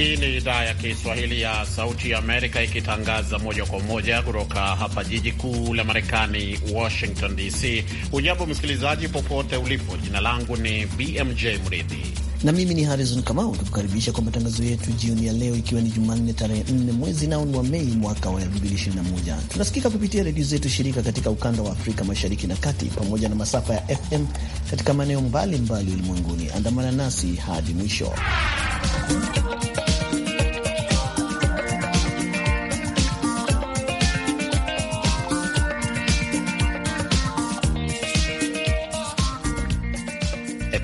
Hii ni idhaa ya Kiswahili ya Sauti ya Amerika ikitangaza moja kwa moja kutoka hapa jiji kuu la Marekani, Washington DC. Hujambo msikilizaji, popote ulipo. Jina langu ni BMJ Mridhi na mimi ni Harrison Kamau, tukukaribisha kwa matangazo yetu jioni ya leo, ikiwa ni Jumanne tarehe 4 mwezi nao ni wa Mei mwaka wa moja. Tunasikika kupitia redio zetu shirika katika ukanda wa Afrika mashariki na kati pamoja na masafa ya FM katika maeneo mbalimbali ulimwenguni. Andamana nasi hadi mwisho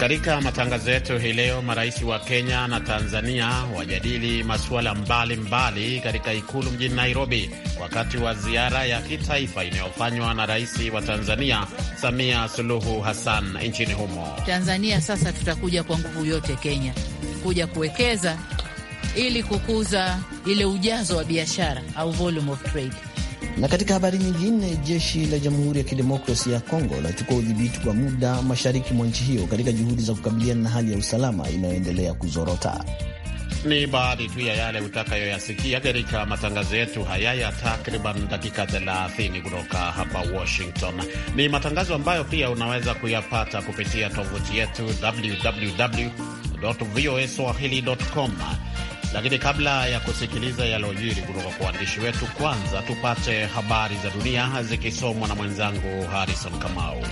Katika matangazo yetu hii leo, marais wa Kenya na Tanzania wajadili masuala mbalimbali katika ikulu mjini Nairobi wakati wa ziara ya kitaifa inayofanywa na rais wa Tanzania Samia Suluhu Hassan nchini humo. Tanzania sasa tutakuja kwa nguvu yote Kenya kuja kuwekeza ili kukuza ile ujazo wa biashara au volume of trade na katika habari nyingine, jeshi la Jamhuri ya Kidemokrasia ya Kongo lachukua udhibiti kwa muda mashariki mwa nchi hiyo katika juhudi za kukabiliana na hali ya usalama inayoendelea kuzorota. Ni baadhi tu ya yale utakayoyasikia katika matangazo yetu haya ya takriban dakika 30 kutoka hapa Washington. Ni matangazo ambayo pia unaweza kuyapata kupitia tovuti yetu www voa lakini kabla ya kusikiliza yalojiri kutoka kwa waandishi wetu, kwanza tupate habari za dunia zikisomwa na mwenzangu Harrison Kamau.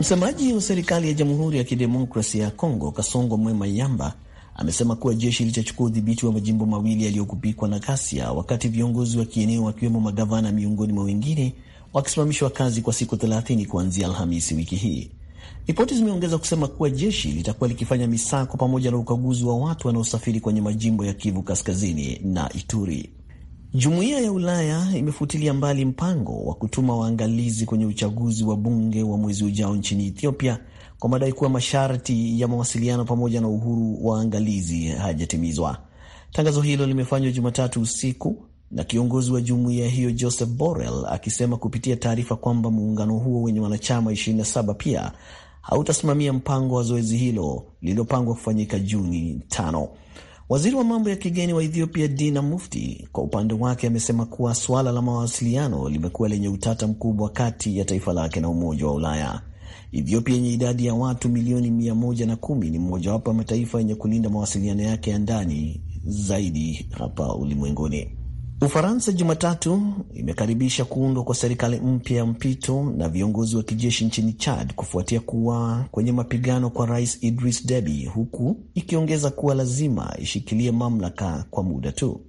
Msemaji wa serikali ya Jamhuri ya Kidemokrasia ya Kongo Kasongo Mwema Yamba amesema kuwa jeshi litachukua udhibiti wa majimbo mawili yaliyokupikwa na ghasia, wakati viongozi wa kieneo wakiwemo magavana miongoni mwa wengine wakisimamishwa kazi kwa siku 30 kuanzia Alhamisi wiki hii. Ripoti zimeongeza kusema kuwa jeshi litakuwa likifanya misako pamoja na ukaguzi wa watu wanaosafiri kwenye majimbo ya Kivu Kaskazini na Ituri. Jumuiya ya Ulaya imefutilia mbali mpango wa kutuma waangalizi kwenye uchaguzi wa bunge wa mwezi ujao nchini Ethiopia kwa madai kuwa masharti ya mawasiliano pamoja na uhuru wa angalizi hayajatimizwa Tangazo hilo limefanywa Jumatatu usiku na kiongozi wa jumuiya hiyo Joseph Borrell akisema kupitia taarifa kwamba muungano huo wenye wanachama 27 pia hautasimamia mpango wa zoezi hilo lililopangwa kufanyika Juni tano. Waziri wa mambo ya kigeni wa Ethiopia Dina Mufti kwa upande wake amesema kuwa suala la mawasiliano limekuwa lenye utata mkubwa kati ya taifa lake na Umoja wa Ulaya. Ethiopia yenye idadi ya watu milioni 110 ni mmojawapo ya mataifa yenye kulinda mawasiliano yake ya ndani zaidi hapa ulimwenguni. Ufaransa Jumatatu imekaribisha kuundwa kwa serikali mpya ya mpito na viongozi wa kijeshi nchini Chad kufuatia kuwa kwenye mapigano kwa rais Idris Deby, huku ikiongeza kuwa lazima ishikilie mamlaka kwa muda tu.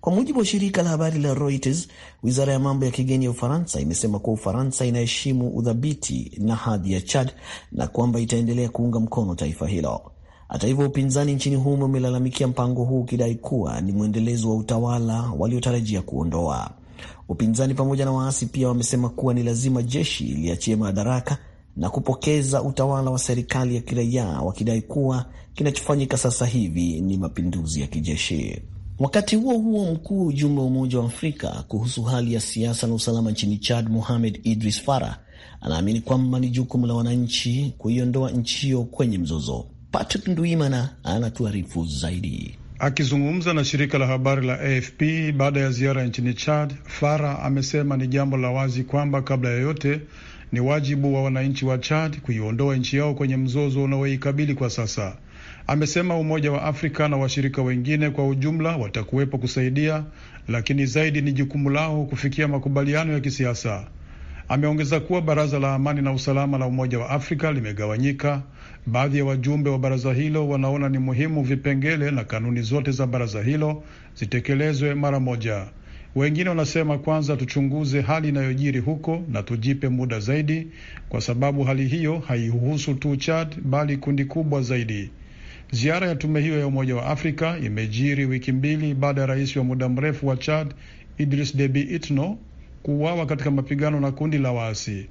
Kwa mujibu wa shirika la habari la Reuters, wizara ya mambo ya kigeni ya Ufaransa imesema kuwa Ufaransa inaheshimu udhabiti na hadhi ya Chad na kwamba itaendelea kuunga mkono taifa hilo. Hata hivyo, upinzani nchini humo umelalamikia mpango huu ukidai kuwa ni mwendelezo wa utawala waliotarajia kuondoa. Upinzani pamoja na waasi pia wamesema kuwa ni lazima jeshi liachie madaraka na kupokeza utawala wa serikali ya kiraia, wakidai kuwa kinachofanyika sasa hivi ni mapinduzi ya kijeshi. Wakati huo huo, mkuu ujumbe wa Umoja wa Afrika kuhusu hali ya siasa na usalama nchini Chad, Mohamed Idris Farah, anaamini kwamba ni jukumu la wananchi kuiondoa nchi hiyo kwenye mzozo. Patrick Nduimana anatuarifu zaidi. Akizungumza na shirika la habari la AFP baada ya ziara nchini Chad, fara amesema ni jambo la wazi kwamba kabla ya yote ni wajibu wa wananchi wa Chad kuiondoa nchi yao kwenye mzozo unaoikabili kwa sasa. Amesema Umoja wa Afrika na washirika wengine kwa ujumla watakuwepo kusaidia, lakini zaidi ni jukumu lao kufikia makubaliano ya kisiasa. Ameongeza kuwa Baraza la Amani na Usalama la Umoja wa Afrika limegawanyika. Baadhi ya wajumbe wa baraza hilo wanaona ni muhimu vipengele na kanuni zote za baraza hilo zitekelezwe mara moja. Wengine wanasema kwanza tuchunguze hali inayojiri huko na tujipe muda zaidi, kwa sababu hali hiyo haihusu tu Chad bali kundi kubwa zaidi. Ziara ya tume hiyo ya Umoja wa Afrika imejiri wiki mbili baada ya rais wa muda mrefu wa Chad Idris Deby Itno kuuawa katika mapigano na kundi la waasi.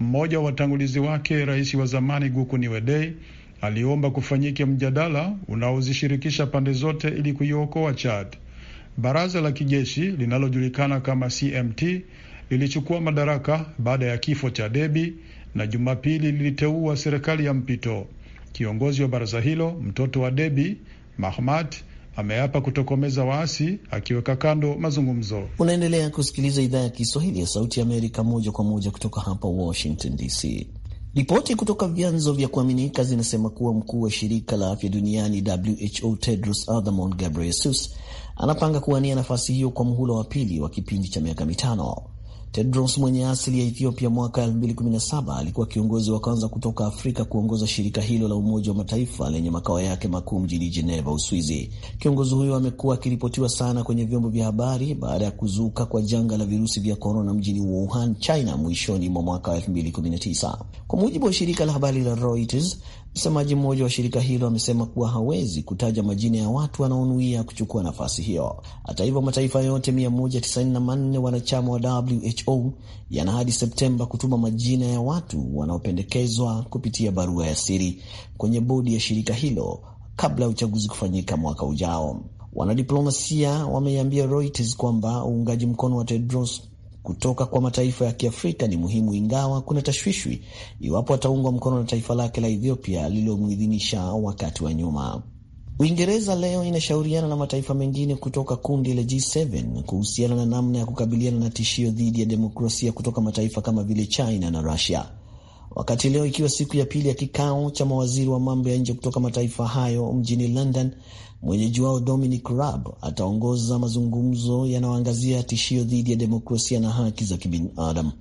Mmoja wa watangulizi wake, rais wa zamani Guku Niwedei, aliomba kufanyike mjadala unaozishirikisha pande zote ili kuiokoa Chad. Baraza la kijeshi linalojulikana kama CMT lilichukua madaraka baada ya kifo cha Deby na Jumapili liliteua serikali ya mpito. Kiongozi wa baraza hilo, mtoto wa Debi Mahmad, ameapa kutokomeza waasi akiweka kando mazungumzo. Unaendelea kusikiliza idhaa ya Kiswahili ya Sauti ya Amerika moja kwa moja kutoka hapa Washington DC. Ripoti kutoka vyanzo vya kuaminika zinasema kuwa mkuu wa shirika la afya duniani WHO Tedros Adhanom Ghebreyesus anapanga kuwania nafasi hiyo kwa mhula wa pili wa kipindi cha miaka mitano. Tedros mwenye asili ya Ethiopia mwaka 2017 alikuwa kiongozi wa kwanza kutoka Afrika kuongoza shirika hilo la Umoja wa Mataifa lenye makao yake makuu mjini Geneva, Uswizi. Kiongozi huyo amekuwa akiripotiwa sana kwenye vyombo vya habari baada ya kuzuka kwa janga la virusi vya korona mjini Wuhan, China mwishoni mwa mwaka 2019, kwa mujibu wa shirika la habari la Reuters. Msemaji mmoja wa shirika hilo amesema kuwa hawezi kutaja majina ya watu wanaonuia kuchukua nafasi hiyo. Hata hivyo, mataifa yote 194 wanachama wa WHO yana hadi Septemba kutuma majina ya watu wanaopendekezwa kupitia barua ya siri kwenye bodi ya shirika hilo kabla ya uchaguzi kufanyika mwaka ujao. Wanadiplomasia wameiambia Reuters kwamba uungaji mkono wa Tedros kutoka kwa mataifa ya Kiafrika ni muhimu, ingawa kuna tashwishwi iwapo ataungwa mkono na taifa lake la Ethiopia lililomuidhinisha wakati wa nyuma. Uingereza leo inashauriana na mataifa mengine kutoka kundi la G7 kuhusiana na namna ya kukabiliana na tishio dhidi ya demokrasia kutoka mataifa kama vile China na Rusia wakati leo ikiwa siku ya pili ya kikao cha mawaziri wa mambo ya nje kutoka mataifa hayo mjini London. Mwenyeji wao Dominic Raab ataongoza mazungumzo yanayoangazia tishio dhidi ya demokrasia na haki za kibinadamu.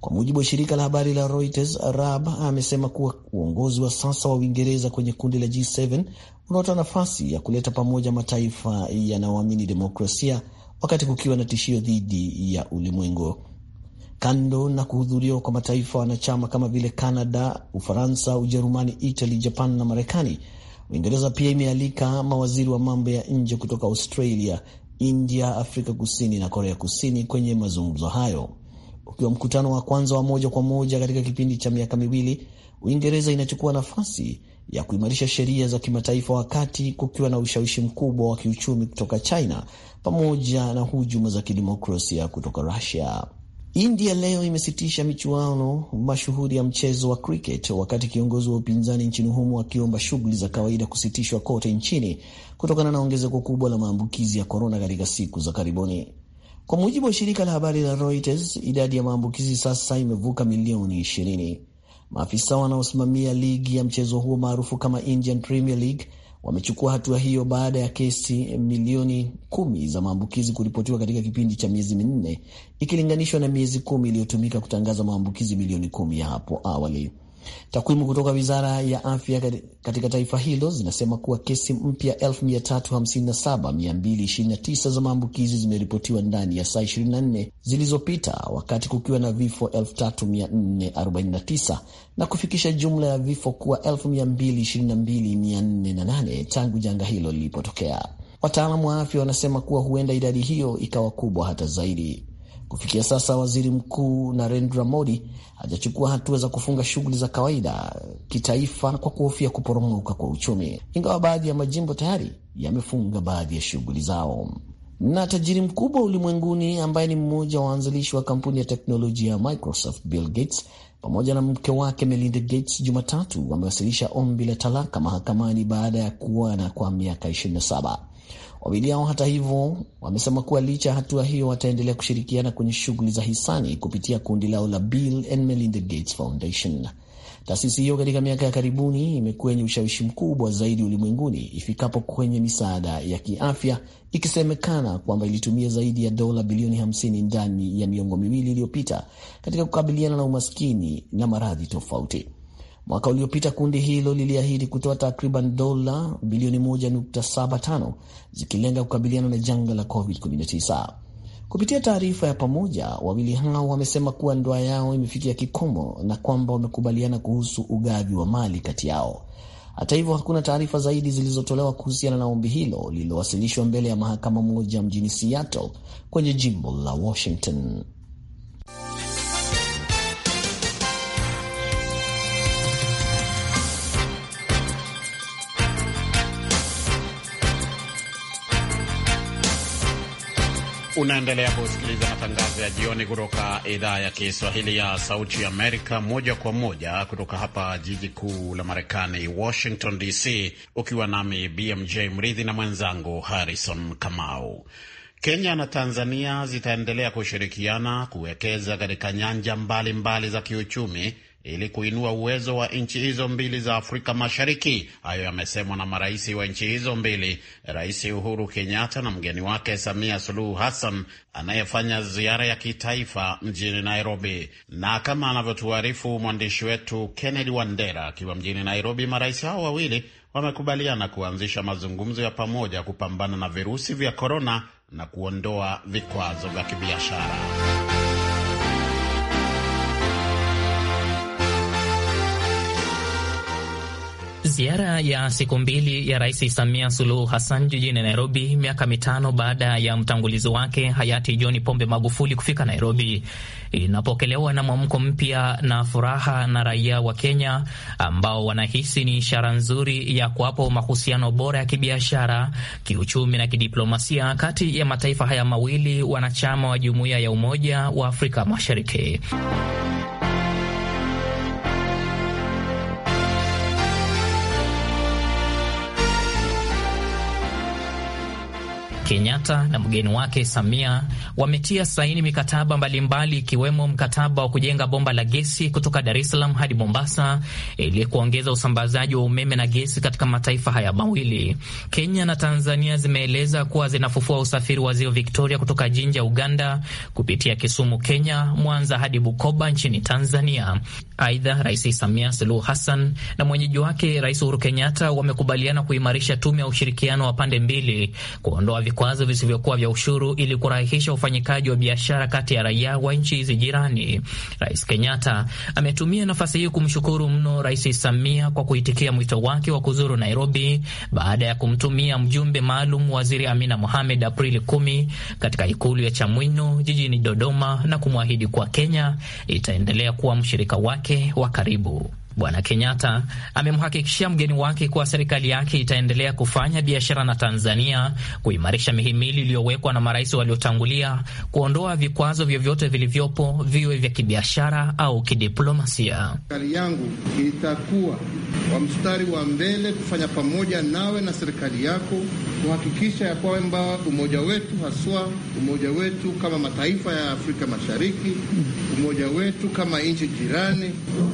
Kwa mujibu wa shirika la habari la Reuters, Raab amesema kuwa uongozi wa sasa wa Uingereza kwenye kundi la G7 unaotoa nafasi ya kuleta pamoja mataifa yanayoamini demokrasia wakati kukiwa na tishio dhidi ya ulimwengu. Kando na kuhudhuriwa kwa mataifa wanachama kama vile Canada, Ufaransa, Ujerumani, Italy, Japan na Marekani, Uingereza pia imealika mawaziri wa mambo ya nje kutoka Australia, India, Afrika Kusini na Korea Kusini kwenye mazungumzo hayo, ukiwa mkutano wa kwanza wa moja kwa moja katika kipindi cha miaka miwili. Uingereza inachukua nafasi ya kuimarisha sheria za kimataifa wakati kukiwa na ushawishi mkubwa wa kiuchumi kutoka China pamoja na hujuma za kidemokrasia kutoka Rusia. India leo imesitisha michuano mashuhuri ya mchezo wa cricket wakati kiongozi wa upinzani nchini humo akiomba shughuli za kawaida kusitishwa kote nchini kutokana na ongezeko kubwa la maambukizi ya korona katika siku za karibuni. Kwa mujibu wa shirika la habari la Reuters, idadi ya maambukizi sasa imevuka milioni 20. Maafisa wanaosimamia ligi ya mchezo huo maarufu kama Indian Premier League wamechukua hatua hiyo baada ya kesi milioni kumi za maambukizi kuripotiwa katika kipindi cha miezi minne ikilinganishwa na miezi kumi iliyotumika kutangaza maambukizi milioni kumi ya hapo awali. Takwimu kutoka wizara ya afya katika taifa hilo zinasema kuwa kesi mpya 357229 za maambukizi zimeripotiwa ndani ya saa 24 zilizopita, wakati kukiwa na vifo 3449 na kufikisha jumla ya vifo kuwa 222408 tangu janga hilo lilipotokea. Wataalamu wa afya wanasema kuwa huenda idadi hiyo ikawa kubwa hata zaidi. Kufikia sasa waziri mkuu Narendra Modi hajachukua hatua za kufunga shughuli za kawaida kitaifa kwa kuhofia kuporomoka kwa uchumi, ingawa baadhi ya majimbo tayari yamefunga baadhi ya shughuli zao. Na tajiri mkubwa ulimwenguni ambaye ni mmoja wa waanzilishi wa kampuni ya teknolojia ya Microsoft, Bill Gates pamoja na mke wake Melinda Gates Jumatatu wamewasilisha ombi la talaka mahakamani baada ya kuoana kwa miaka 27. Wawili hao hata hivyo wamesema kuwa licha ya hatua hiyo wataendelea kushirikiana kwenye shughuli za hisani kupitia kundi lao la Bill and Melinda Gates Foundation. Taasisi hiyo katika miaka ya karibuni imekuwa yenye ushawishi mkubwa zaidi ulimwenguni ifikapo kwenye misaada ya kiafya, ikisemekana kwamba ilitumia zaidi ya dola bilioni 50 ndani ya miongo miwili iliyopita katika kukabiliana na umaskini na maradhi tofauti. Mwaka uliopita kundi hilo liliahidi kutoa takriban dola bilioni 1.75 zikilenga kukabiliana na janga la COVID-19. Kupitia taarifa ya pamoja, wawili hao wamesema kuwa ndoa yao imefikia kikomo na kwamba wamekubaliana kuhusu ugavi wa mali kati yao. Hata hivyo, hakuna taarifa zaidi zilizotolewa kuhusiana na ombi hilo lililowasilishwa mbele ya mahakama moja mjini Seattle kwenye jimbo la Washington. Unaendelea kusikiliza matangazo ya jioni kutoka idhaa ya Kiswahili ya Sauti Amerika, moja kwa moja kutoka hapa jiji kuu la Marekani, Washington DC, ukiwa nami BMJ Mridhi na mwenzangu Harrison Kamau. Kenya na Tanzania zitaendelea kushirikiana kuwekeza katika nyanja mbalimbali mbali za kiuchumi ili kuinua uwezo wa nchi hizo mbili za Afrika Mashariki. Hayo yamesemwa na marais wa nchi hizo mbili, Rais Uhuru Kenyatta na mgeni wake Samia Suluhu Hassan anayefanya ziara ya kitaifa mjini Nairobi. Na kama anavyotuarifu mwandishi wetu Kennedy Wandera akiwa mjini Nairobi, marais hao wawili wamekubaliana kuanzisha mazungumzo ya pamoja kupambana na virusi vya korona na kuondoa vikwazo vya kibiashara. Ziara ya siku mbili ya Rais Samia Suluhu Hassan jijini Nairobi, miaka mitano baada ya mtangulizi wake hayati John Pombe Magufuli kufika Nairobi, inapokelewa na mwamko mpya na furaha na raia wa Kenya ambao wanahisi ni ishara nzuri ya kuwapo mahusiano bora ya kibiashara, kiuchumi na kidiplomasia kati ya mataifa haya mawili wanachama wa Jumuiya ya Umoja wa Afrika Mashariki. Kenyatta na mgeni wake Samia wametia saini mikataba mbalimbali ikiwemo mbali mkataba wa kujenga bomba la gesi kutoka Dar es Salaam hadi Mombasa ili kuongeza usambazaji wa umeme na gesi katika mataifa haya mawili. Kenya na Tanzania zimeeleza kuwa zinafufua usafiri wa ziwa Victoria kutoka Jinja, Uganda, kupitia Kisumu, Kenya, Mwanza hadi Bukoba nchini Tanzania. Aidha, Rais Samia Suluhu Hassan na mwenyeji wake Rais Uhuru Kenyatta wamekubaliana kuimarisha tume ya ushirikiano wa pande mbili kuondoa vikwazo visivyokuwa vya ushuru ili kurahisisha ufanyikaji wa biashara kati ya raia wa nchi hizi jirani. Rais Kenyatta ametumia nafasi hii kumshukuru mno Rais Samia kwa kuitikia mwito wake wa kuzuru Nairobi baada ya kumtumia mjumbe maalum Waziri Amina Mohamed Aprili 10 katika ikulu ya Chamwino jijini Dodoma na kumwahidi kuwa Kenya itaendelea kuwa mshirika wake wa karibu. Bwana Kenyatta amemhakikishia mgeni wake kuwa serikali yake itaendelea kufanya biashara na Tanzania, kuimarisha mihimili iliyowekwa na marais waliotangulia, kuondoa vikwazo vyovyote vilivyopo, viwe vya kibiashara au kidiplomasia. Serikali yangu itakuwa wa mstari wa mbele kufanya pamoja nawe na serikali yako kuhakikisha ya kwamba umoja wetu haswa umoja wetu kama mataifa ya Afrika Mashariki, umoja wetu kama nchi jirani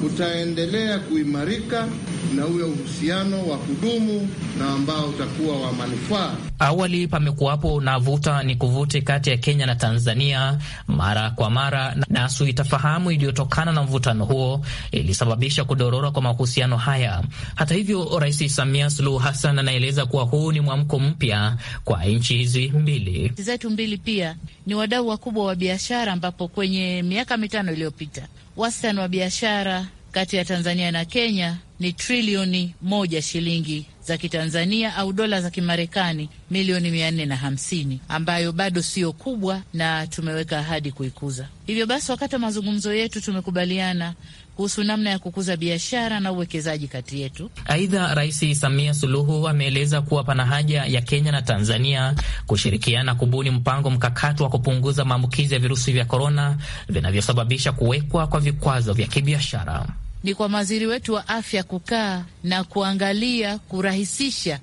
utaendelea tutaendelea kuimarika na uwe uhusiano wa kudumu na ambao utakuwa wa manufaa. Awali pamekuwapo na vuta ni kuvute kati ya Kenya na Tanzania mara kwa mara, na itafahamu iliyotokana na mvutano huo ilisababisha kudorora kwa mahusiano haya. Hata hivyo, Rais Samia Suluhu Hassan anaeleza kuwa huu ni mwamko mpya kwa nchi hizi mbili zetu mbili. Pia ni wadau wakubwa wa biashara, ambapo kwenye miaka mitano iliyopita wastani wa biashara kati ya Tanzania na Kenya ni trilioni moja shilingi za Kitanzania au dola za Kimarekani milioni mia nne na hamsini ambayo bado siyo kubwa, na tumeweka ahadi kuikuza. Hivyo basi, wakati wa mazungumzo yetu tumekubaliana kuhusu namna ya kukuza biashara na uwekezaji kati yetu. Aidha, Rais Samia Suluhu ameeleza kuwa pana haja ya Kenya na Tanzania kushirikiana kubuni mpango mkakati wa kupunguza maambukizi ya virusi vya korona vinavyosababisha kuwekwa kwa vikwazo vya kibiashara ni kwa mawaziri wetu wa afya kukaa na kuangalia kurahisisha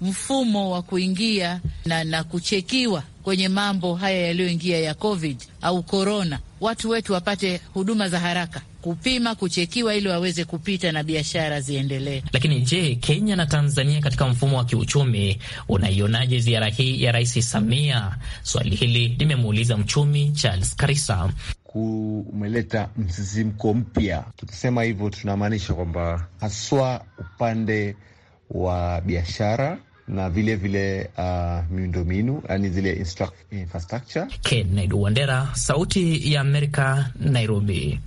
mfumo wa kuingia na, na kuchekiwa kwenye mambo haya yaliyoingia ya COVID au korona, watu wetu wapate huduma za haraka kupima kuchekiwa, ili waweze kupita na biashara ziendelee. Lakini je, Kenya na Tanzania katika mfumo wa kiuchumi unaionaje ziara hii ya Rais Samia? Swali hili limemuuliza mchumi Charles Karisa. Umeleta msisimko mpya. Tukisema hivyo, tunamaanisha kwamba haswa upande wa biashara na vilevile uh, miundombinu yani zile infrastructure. Kennedy Wandera, Sauti ya Amerika, Nairobi.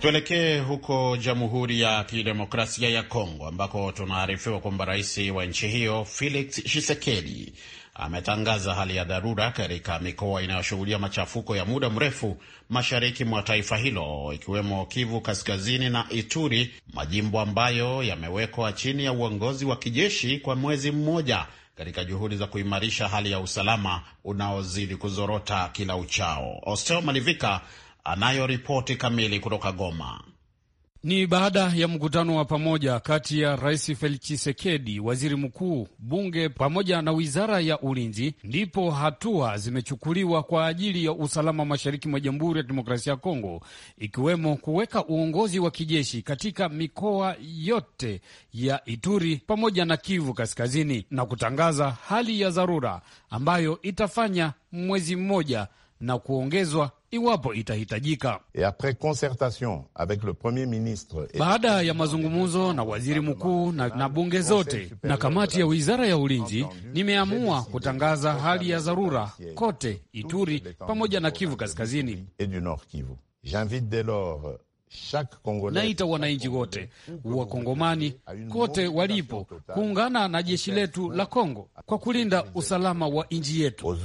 Tuelekee huko Jamhuri ya Kidemokrasia ya Kongo ambako tunaarifiwa kwamba rais wa nchi hiyo Felix Tshisekedi ametangaza hali ya dharura katika mikoa inayoshughulia machafuko ya muda mrefu mashariki mwa taifa hilo ikiwemo Kivu Kaskazini na Ituri, majimbo ambayo yamewekwa chini ya uongozi wa kijeshi kwa mwezi mmoja katika juhudi za kuimarisha hali ya usalama unaozidi kuzorota kila uchao. Ostel Malivika anayo ripoti kamili kutoka Goma. Ni baada ya mkutano wa pamoja kati ya Rais Felix Tshisekedi, waziri mkuu, bunge pamoja na wizara ya ulinzi, ndipo hatua zimechukuliwa kwa ajili ya usalama mashariki mwa Jamhuri ya Kidemokrasia ya Kongo, ikiwemo kuweka uongozi wa kijeshi katika mikoa yote ya Ituri pamoja na Kivu Kaskazini na kutangaza hali ya dharura ambayo itafanya mwezi mmoja na kuongezwa iwapo itahitajika. Baada ya mazungumzo na waziri mkuu na, na bunge zote na kamati ya wizara ya ulinzi, nimeamua kutangaza hali ya dharura kote Ituri pamoja na Kivu Kaskazini. Naita wananchi wote Kongomani kote walipo kuungana na jeshi letu la Kongo kwa kulinda usalama wa nchi yetu,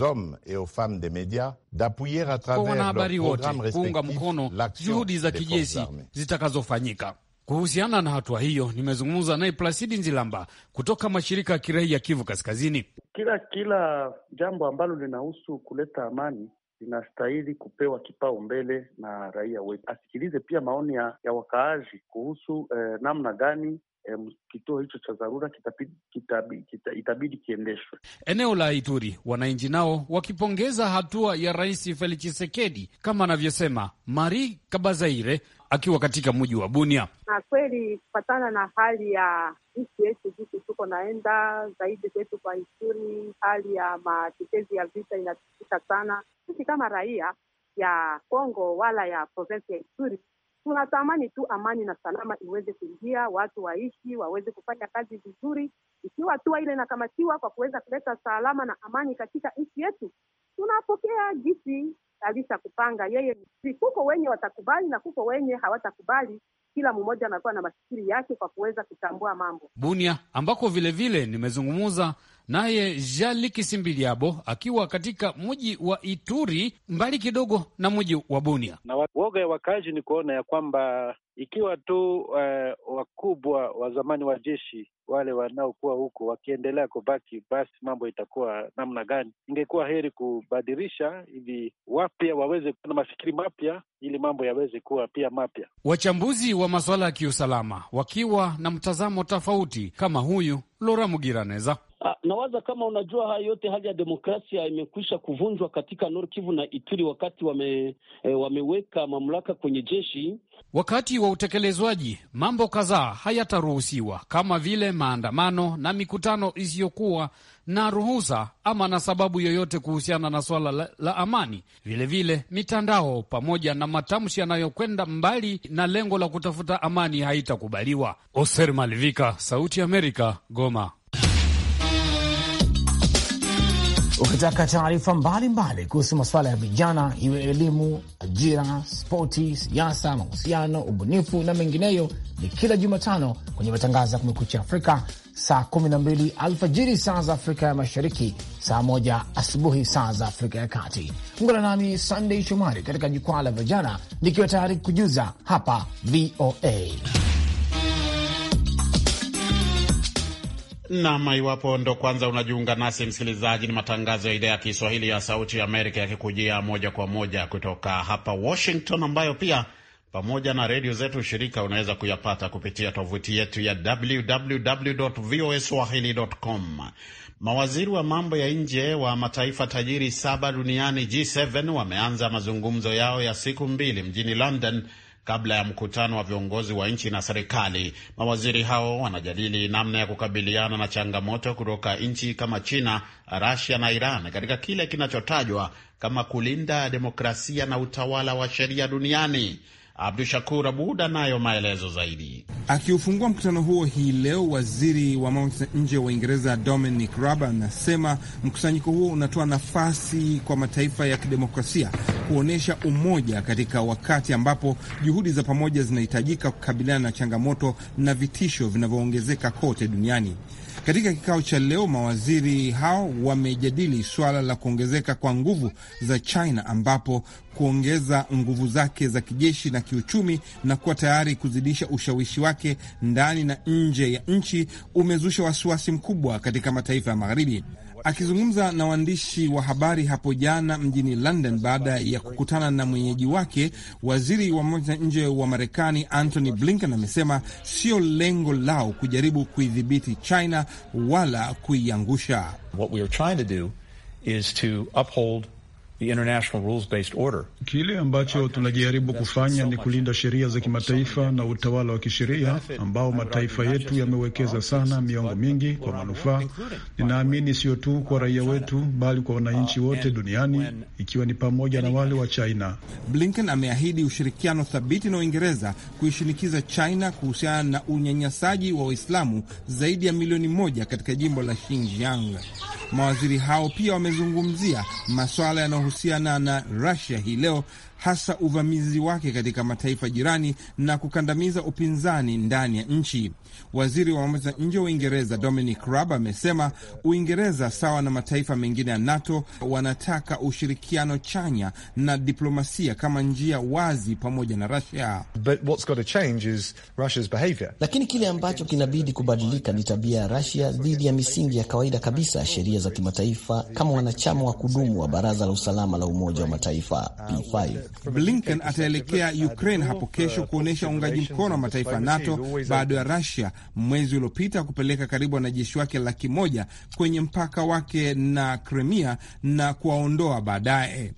kwa wanahabari wote kuunga mkono juhudi za kijeshi zitakazofanyika. Kuhusiana na hatua hiyo, nimezungumza naye Plasidi Nzilamba kutoka mashirika ya kiraia Kivu Kaskazini. Kila kila jambo ambalo linahusu kuleta amani zinastahili kupewa kipaumbele na raia wetu. Asikilize pia maoni ya, ya wakaaji kuhusu eh, namna gani eh, kituo hicho cha dharura kitabidi kitabidi, kitabidi kiendeshwe. Eneo la Ituri, wananchi nao wakipongeza hatua ya Rais Felix Tshisekedi kama anavyosema Mari Kabazaire akiwa katika mji wa Bunia. Na kweli kupatana na hali ya nchi yetu jisi tuko naenda zaidi kwetu kwa historia, hali ya matetezi ya vita inatukuta sana sisi kama raia ya Kongo wala ya provinsi ya Ituri tunatamani tu amani na salama iweze kuingia, watu waishi, waweze kufanya kazi vizuri. Ikiwa tua ile inakamatiwa kwa kuweza kuleta salama na amani katika nchi yetu, tunapokea jinsi alishakupanga yeye. Kuko wenye watakubali na kuko wenye hawatakubali. Kila mmoja anakuwa na mafikiri yake kwa kuweza kutambua mambo. Bunia ambako vilevile nimezungumza naye Jali Kisimbiliabo akiwa katika mji wa Ituri, mbali kidogo na mji wa Bunia. Na woga ya wakazi ni kuona ya kwamba ikiwa tu uh, wakubwa wa zamani wa jeshi wale wanaokuwa huko wakiendelea kubaki, basi mambo itakuwa namna gani? Ingekuwa heri kubadilisha hivi, wapya waweze kuwa na mafikiri mapya ili mambo yaweze kuwa pia mapya. Wachambuzi wa masuala ya kiusalama wakiwa na mtazamo tofauti kama huyu Lora Mugiraneza. Ah, nawaza kama unajua, haya yote hali ya demokrasia imekwisha kuvunjwa katika Nord Kivu na Ituri wakati wame, e, wameweka mamlaka kwenye jeshi. Wakati wa utekelezwaji, mambo kadhaa hayataruhusiwa kama vile maandamano na mikutano isiyokuwa na ruhusa ama na sababu yoyote kuhusiana na swala la, la amani. Vilevile vile, mitandao pamoja na matamshi yanayokwenda mbali na lengo la kutafuta amani haitakubaliwa. Oser Malivika, Sauti ya Amerika, Goma. Ukitaka taarifa mbalimbali kuhusu masuala ya vijana, iwe elimu, ajira, spoti, siasa, mahusiano, ubunifu na mengineyo, ni kila Jumatano kwenye matangazo ya Kumekucha Afrika saa 12 alfajiri saa za Afrika ya Mashariki, saa m asubuhi saa za Afrika ya Kati. Ungana nami Sandey Shomari katika jukwaa la vijana, nikiwa tayari kujuza hapa VOA. Nam, iwapo ndo kwanza unajiunga nasi msikilizaji, ni matangazo ya idhaa ya Kiswahili ya Sauti ya Amerika yakikujia moja kwa moja kutoka hapa Washington, ambayo pia pamoja na redio zetu shirika unaweza kuyapata kupitia tovuti yetu ya www voa swahili com. Mawaziri wa mambo ya nje wa mataifa tajiri saba duniani G7 wameanza mazungumzo yao ya siku mbili mjini London kabla ya mkutano wa viongozi wa nchi na serikali. Mawaziri hao wanajadili namna ya kukabiliana na changamoto kutoka nchi kama China, rasia na Iran katika kile kinachotajwa kama kulinda demokrasia na utawala wa sheria duniani. Abdu Shakur Abud anayo maelezo zaidi. Akiufungua mkutano huo hii leo, waziri wa mambo ya nje wa Uingereza Dominic Raab anasema mkusanyiko huo unatoa nafasi kwa mataifa ya kidemokrasia kuonyesha umoja katika wakati ambapo juhudi za pamoja zinahitajika kukabiliana na changamoto na vitisho vinavyoongezeka kote duniani. Katika kikao cha leo mawaziri hao wamejadili suala la kuongezeka kwa nguvu za China ambapo kuongeza nguvu zake za kijeshi na kiuchumi na kuwa tayari kuzidisha ushawishi wake ndani na nje ya nchi umezusha wasiwasi mkubwa katika mataifa ya Magharibi. Akizungumza na waandishi wa habari hapo jana mjini London baada ya kukutana na mwenyeji wake, waziri wa mambo ya nje wa Marekani Antony Blinken amesema sio lengo lao kujaribu kuidhibiti China wala kuiangusha. What we are trying to do is to uphold the international rules-based order. Kile ambacho tunajaribu kufanya ni kulinda sheria za kimataifa na utawala wa kisheria ambao mataifa yetu yamewekeza sana miongo mingi kwa manufaa, ninaamini sio tu kwa raia wetu, bali kwa wananchi uh, wote duniani, ikiwa ni pamoja na wale wa China. Blinken ameahidi ushirikiano thabiti na Uingereza kuishinikiza China kuhusiana na unyanyasaji wa Waislamu zaidi ya milioni moja katika jimbo la Xinjiang. Mawaziri hao pia wamezungumzia maswala yanayo kuhusiana na Russia hii leo hasa uvamizi wake katika mataifa jirani na kukandamiza upinzani ndani ya nchi. Waziri wa mambo za nje wa Uingereza Dominic Raab amesema Uingereza sawa na mataifa mengine ya NATO wanataka ushirikiano chanya na diplomasia kama njia wazi pamoja na Rusia. Lakini kile ambacho kinabidi kubadilika ni tabia ya rasia dhidi ya misingi ya kawaida kabisa ya sheria za kimataifa kama wanachama wa kudumu wa Baraza la Usalama la Umoja wa Mataifa P5. Blinken ataelekea Ukraine hapo uh, kesho kuonyesha uungaji mkono wa mataifa ya NATO baada ya Rusia mwezi uliopita kupeleka karibu wanajeshi wake laki moja kwenye mpaka wake na Crimea na kuwaondoa baadaye.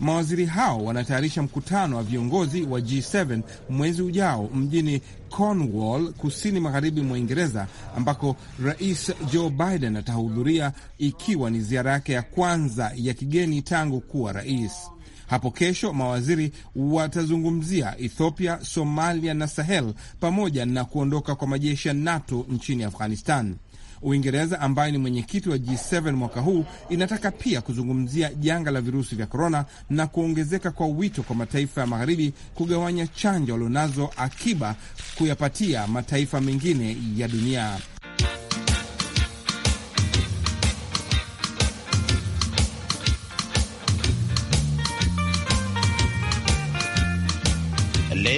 Mawaziri hao wanatayarisha mkutano wa viongozi wa G7 mwezi ujao mjini Cornwall, kusini magharibi mwa Uingereza, ambako Rais Joe Biden atahudhuria ikiwa ni ziara yake ya kwanza ya kigeni tangu kuwa rais. Hapo kesho mawaziri watazungumzia Ethiopia, Somalia na Sahel pamoja na kuondoka kwa majeshi ya NATO nchini Afghanistan. Uingereza ambayo ni mwenyekiti wa G7 mwaka huu inataka pia kuzungumzia janga la virusi vya korona na kuongezeka kwa wito kwa mataifa ya magharibi kugawanya chanjo walionazo akiba kuyapatia mataifa mengine ya dunia.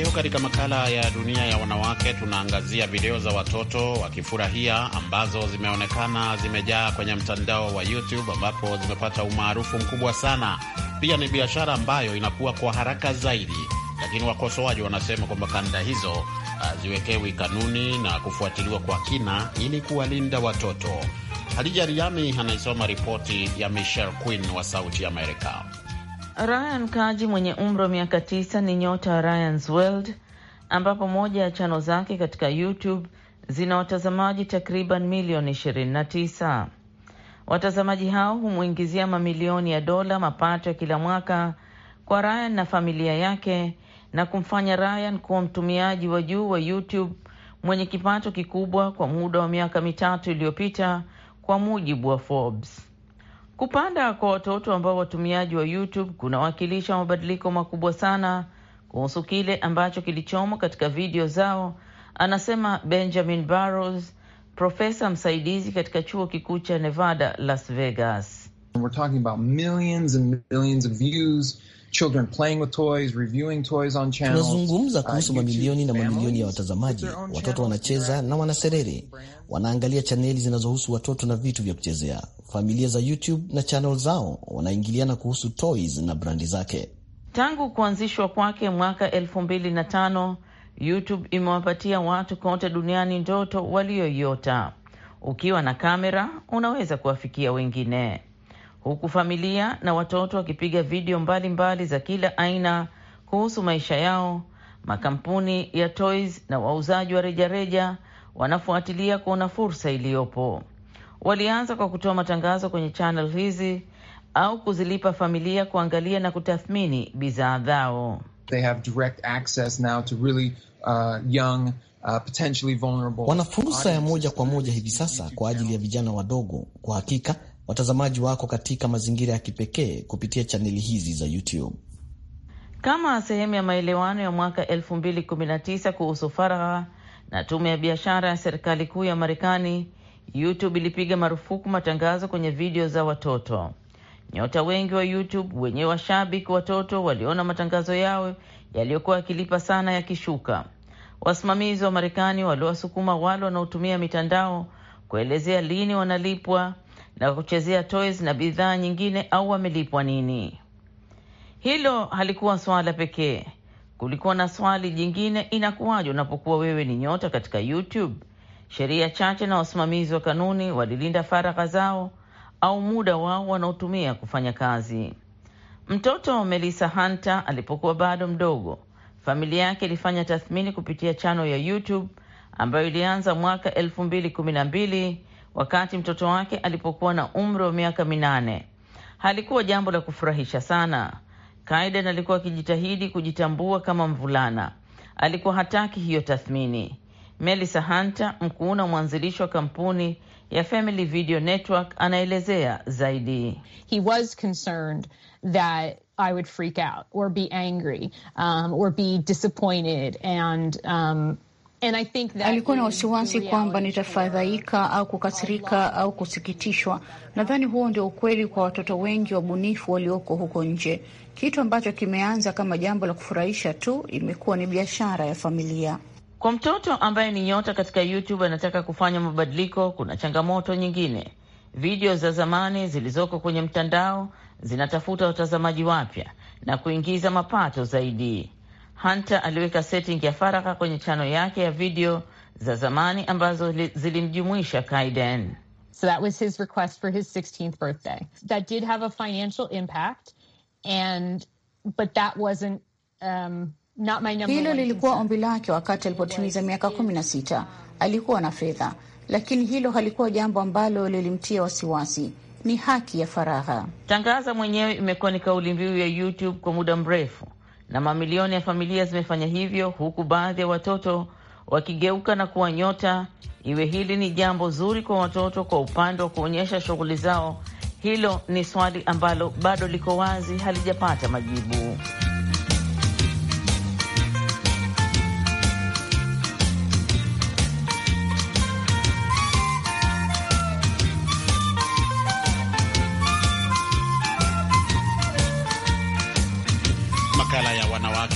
Leo katika makala ya dunia ya wanawake tunaangazia video za watoto wakifurahia ambazo zimeonekana zimejaa kwenye mtandao wa YouTube ambapo zimepata umaarufu mkubwa sana. Pia ni biashara ambayo inakuwa kwa haraka zaidi, lakini wakosoaji wanasema kwamba kanda hizo haziwekewi ah, kanuni na kufuatiliwa kwa kina ili kuwalinda watoto. Hadija Riami anaisoma ripoti ya Michelle Quinn wa Sauti Amerika. Ryan Kaji mwenye umri wa miaka tisa ni nyota wa Ryan's World ambapo moja ya chano zake katika YouTube zina watazamaji takriban milioni 29. Watazamaji hao humwingizia mamilioni ya dola mapato ya kila mwaka kwa Ryan na familia yake na kumfanya Ryan kuwa mtumiaji wa juu wa YouTube mwenye kipato kikubwa kwa muda wa miaka mitatu iliyopita kwa mujibu wa Forbes. Kupanda kwa watoto ambao watumiaji wa YouTube kunawakilisha mabadiliko makubwa sana kuhusu kile ambacho kilichomo katika video zao, anasema Benjamin Barrows, profesa msaidizi katika chuo kikuu cha Nevada, Las Vegas children playing with toys, reviewing toys on channels. Tunazungumza uh, kuhusu mamilioni na mamilioni ya watazamaji, watoto wanacheza na wanaserere, wanaangalia chaneli zinazohusu watoto na vitu vya kuchezea. Familia za YouTube na channel zao wanaingiliana kuhusu toys na brandi zake. Tangu kuanzishwa kwake mwaka elfu mbili na tano YouTube imewapatia watu kote duniani ndoto walioiota. Ukiwa na kamera, unaweza kuwafikia wengine huku familia na watoto wakipiga video mbalimbali mbali za kila aina kuhusu maisha yao. Makampuni ya toys na wauzaji wa rejareja wanafuatilia kuona fursa iliyopo. Walianza kwa kutoa matangazo kwenye channel hizi au kuzilipa familia kuangalia na kutathmini bidhaa zao. Uh, uh, Wana fursa ya moja kwa moja hivi sasa kwa ajili ya vijana wadogo. Kwa hakika watazamaji wako katika mazingira ya kipekee kupitia chaneli hizi za YouTube. Kama sehemu ya maelewano ya mwaka 2019 kuhusu faragha na tume ya biashara ya serikali kuu ya Marekani, YouTube ilipiga marufuku matangazo kwenye video za watoto. Nyota wengi wa YouTube wenye washabiki watoto waliona matangazo yao yaliyokuwa yakilipa sana yakishuka. Wasimamizi wa Marekani waliwasukuma wale wanaotumia mitandao kuelezea lini wanalipwa na kuchezea toys na bidhaa nyingine au wamelipwa nini? Hilo halikuwa swala pekee, kulikuwa na swali jingine, inakuwaje unapokuwa wewe ni nyota katika YouTube? Sheria chache na wasimamizi wa kanuni walilinda faragha zao au muda wao wanaotumia kufanya kazi. Mtoto Melissa Hunter alipokuwa bado mdogo, familia yake ilifanya tathmini kupitia chano ya YouTube ambayo ilianza mwaka elfu mbili kumi na mbili wakati mtoto wake alipokuwa na umri wa miaka minane. Halikuwa jambo la kufurahisha sana. Kaiden alikuwa akijitahidi kujitambua kama mvulana, alikuwa hataki hiyo tathmini. Melissa Hunter, mkuu na mwanzilishi wa kampuni ya Family Video Network, anaelezea zaidi. He was concerned that I would freak out or be angry um, or be disappointed and um, Alikuwa na wasiwasi kwamba nitafadhaika au kukasirika au kusikitishwa. Nadhani huo ndio ukweli kwa watoto wengi wabunifu walioko huko nje. Kitu ambacho kimeanza kama jambo la kufurahisha tu, imekuwa ni biashara ya familia. Kwa mtoto ambaye ni nyota katika YouTube anataka kufanya mabadiliko, kuna changamoto nyingine. Video za zamani zilizoko kwenye mtandao zinatafuta watazamaji wapya na kuingiza mapato zaidi. Hunter aliweka setting ya faragha kwenye chano yake ya video za zamani ambazo zilimjumuisha Kaiden. So that was his request for his 16th birthday. That did have a financial impact and but that wasn't um, not my number. Hilo lilikuwa ombi lake wakati alipotimiza miaka 16. Alikuwa na fedha, lakini hilo halikuwa jambo ambalo lilimtia wasiwasi. Ni haki ya faragha. Tangaza mwenyewe imekuwa ni kauli mbiu ya YouTube kwa muda mrefu na mamilioni ya familia zimefanya hivyo, huku baadhi ya watoto wakigeuka na kuwa nyota. Iwe hili ni jambo zuri kwa watoto kwa upande wa kuonyesha shughuli zao, hilo ni swali ambalo bado liko wazi, halijapata majibu.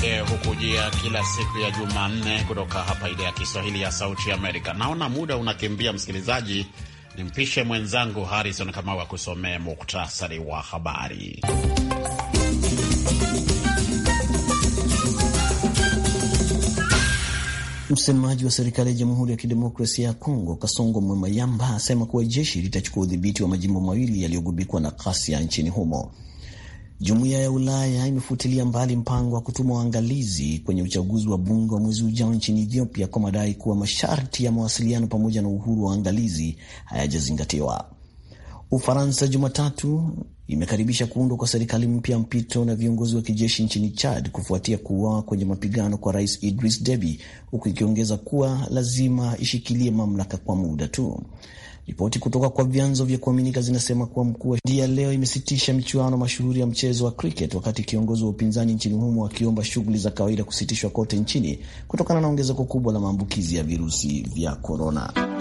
pekee hukujia kila siku ya Jumanne kutoka hapa idhaa ya Kiswahili ya Sauti ya Amerika. Naona muda unakimbia, msikilizaji, nimpishe mwenzangu Harrison Kamau akusomee muktasari wa habari. Msemaji wa serikali ya Jamhuri ya Kidemokrasia ya Kongo, Kasongo Mwemayamba, asema kuwa jeshi litachukua udhibiti wa majimbo mawili yaliyogubikwa na ghasia nchini humo. Jumuiya ya Ulaya imefutilia mbali mpango wa kutuma waangalizi kwenye uchaguzi wa bunge wa mwezi ujao nchini Ethiopia kwa madai kuwa masharti ya mawasiliano pamoja na uhuru wa waangalizi hayajazingatiwa. Ufaransa Jumatatu imekaribisha kuundwa kwa serikali mpya mpito na viongozi wa kijeshi nchini Chad kufuatia kuuawa kwenye mapigano kwa rais Idris Deby, huku ikiongeza kuwa lazima ishikilie mamlaka kwa muda tu. Ripoti kutoka kwa vyanzo vya kuaminika zinasema kuwa mkuu wa India leo imesitisha michuano mashuhuri ya mchezo wa cricket, wakati kiongozi wa upinzani nchini humo akiomba shughuli za kawaida kusitishwa kote nchini kutokana na ongezeko kubwa la maambukizi ya virusi vya korona.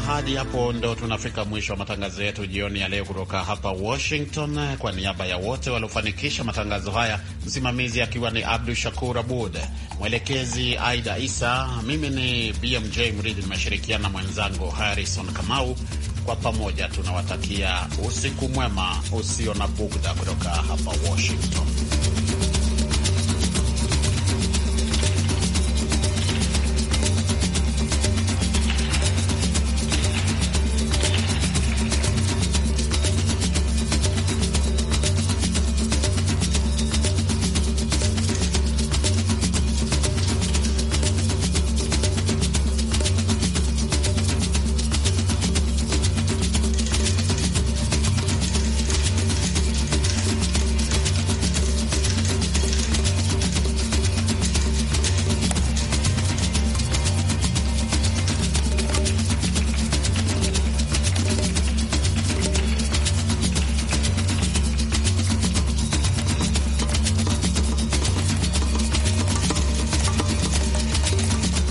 hadi hapo ndo tunafika mwisho wa matangazo yetu jioni ya leo kutoka hapa Washington. Kwa niaba ya wote waliofanikisha matangazo haya, msimamizi akiwa ni Abdu Shakur Abud, mwelekezi Aida Isa, mimi ni BMJ Mridhi, nimeshirikiana na mwenzangu Harrison Kamau. Kwa pamoja tunawatakia usiku mwema usio na bugdha kutoka hapa Washington.